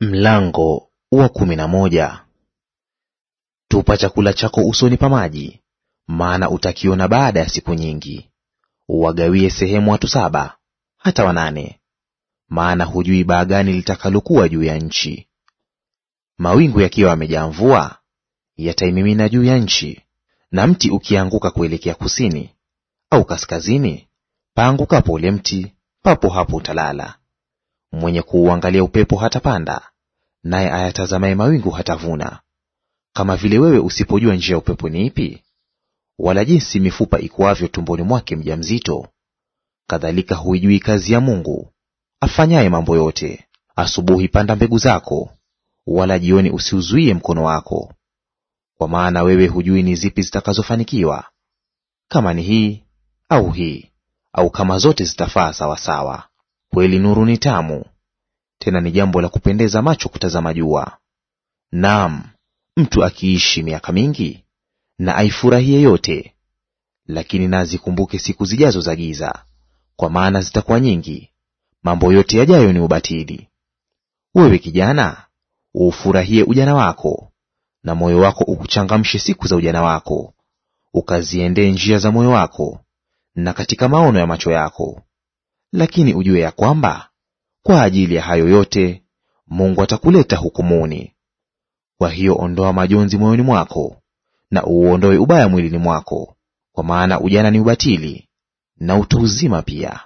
Mlango wa kumi na moja. Tupa chakula chako usoni pa maji, maana utakiona baada ya siku nyingi. Wagawie sehemu watu saba hata wanane, maana hujui baa gani litakalokuwa juu ya nchi. Mawingu yakiwa yamejaa mvua, yataimimina juu ya nchi, na mti ukianguka kuelekea kusini au kaskazini, paangukapo ule mti, papo hapo utalala. Mwenye kuuangalia upepo hatapanda, naye ayatazamaye mawingu hatavuna. Kama vile wewe usipojua njia ya upepo ni ipi, wala jinsi mifupa ikuavyo tumboni mwake mja mzito kadhalika huijui kazi ya Mungu afanyaye mambo yote. Asubuhi panda mbegu zako, wala jioni usiuzuie mkono wako, kwa maana wewe hujui ni zipi zitakazofanikiwa, kama ni hii au hii, au kama zote zitafaa sawasawa. Kweli nuru ni tamu, tena ni jambo la kupendeza macho kutazama jua. Naam, mtu akiishi miaka mingi na aifurahie yote, lakini na azikumbuke siku zijazo za giza, kwa maana zitakuwa nyingi. Mambo yote yajayo ni ubatili. Wewe kijana, uufurahie ujana wako, na moyo wako ukuchangamshe siku za ujana wako, ukaziendee njia za moyo wako na katika maono ya macho yako, lakini ujue ya kwamba kwa ajili ya hayo yote Mungu atakuleta hukumuni. Kwa hiyo ondoa majonzi moyoni mwako, na uuondoe ubaya mwilini mwako, kwa maana ujana ni ubatili na utu uzima pia.